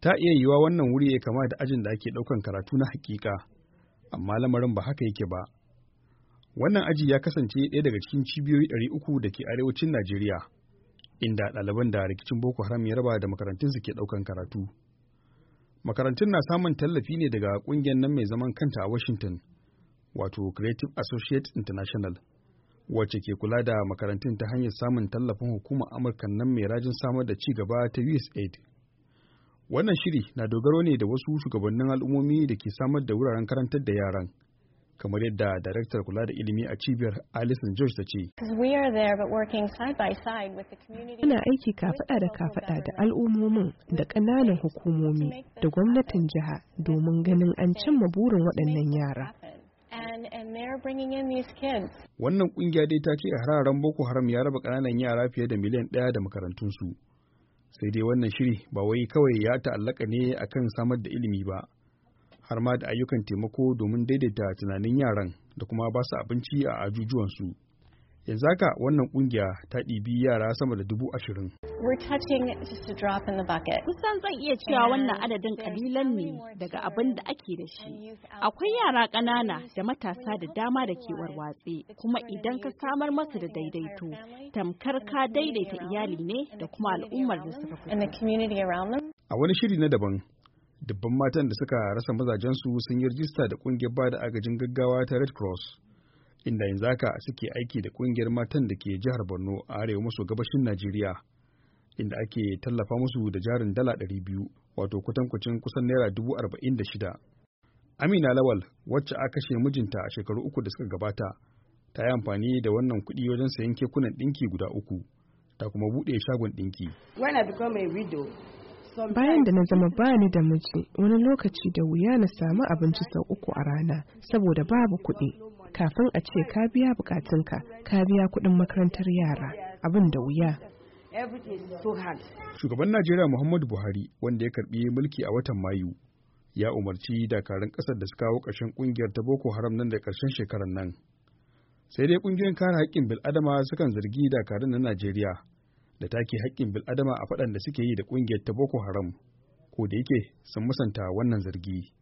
ta iya yiwa wannan wuri ya kama da ajin da ake ɗaukan karatu na hakika amma lamarin ba haka yake ba wannan aji ya kasance ɗaya daga cikin cibiyoyi ɗari uku da ke arewacin najeriya inda ɗaliban da rikicin boko haram ya raba da makarantun su ke ɗaukan karatu makarantun na samun tallafi ne daga ƙungiyar nan mai zaman kanta a washington wato creative associates international wacce ke kula da makarantun ta hanyar samun tallafin hukumar amurka nan mai rajin samar da ci gaba ta usaid Wannan shiri na dogaro ne da wasu shugabannin al'ummomi da ke samar da wuraren karantar da yaran. kamar yadda daraktar kula da ilimi a cibiyar Alison George ta ce. Ana aiki kafaɗa da kafaɗa da al'ummomin da ƙananan hukumomi da gwamnatin jiha domin ganin an cimma burin waɗannan yara. Wannan ƙungiya dai ta ce a hararen Boko Haram ya raba ƙananan yara fiye da miliyan ɗaya da makarantunsu. sai dai wannan shiri ba wai kawai ya ta'allaka ne akan samar da ilimi ba har ma da ayyukan taimako domin daidaita tunanin yaran da kuma ba su abinci a ajujuwansu. yanzu haka wannan kungiya ta ɗibi yara sama da dubu ashirin. Kusan zan iya cewa wannan adadin kalilan ne daga abin da ake da shi. Akwai yara ƙanana da matasa da dama da ke warwatse, kuma idan ka samar masa da daidaito, tamkar ka daidaita iyali ne da kuma al'ummar da suka fi. A wani shiri na daban, dubban matan da suka rasa mazajensu sun yi rajista da ƙungiyar bada agajin gaggawa ta Red Cross. inda yanzu haka suke aiki da kungiyar matan da ke jihar Borno a arewa maso gabashin Najeriya inda ake tallafa musu da jarin dala ɗari biyu wato kwatankwacin kusan naira dubu arba'in da shida. Amina Lawal wacce aka kashe mijinta a shekaru uku da suka gabata ta yi amfani da wannan kuɗi wajen sayan kekunan ɗinki guda uku ta kuma buɗe shagon ɗinki. bayan da na zama bani da miji wani lokaci da wuya na samu abinci sau uku a rana saboda babu kuɗi kafin a ce ka biya bukatunka ka biya kuɗin makarantar yara abin da wuya shugaban najeriya muhammadu buhari wanda ya karbi mulki a watan mayu ya umarci dakarun ƙasar da su kawo ƙarshen ƙungiyar ta boko haram nan da ƙarshen shekarar nan sai dai ƙungiyoyin kare haƙƙin bil'adama sukan zargi dakarun na najeriya da take haƙƙin bil'adama a faɗan da suke yi da ƙungiyar ta boko haram ko da yake sun musanta wannan zargi.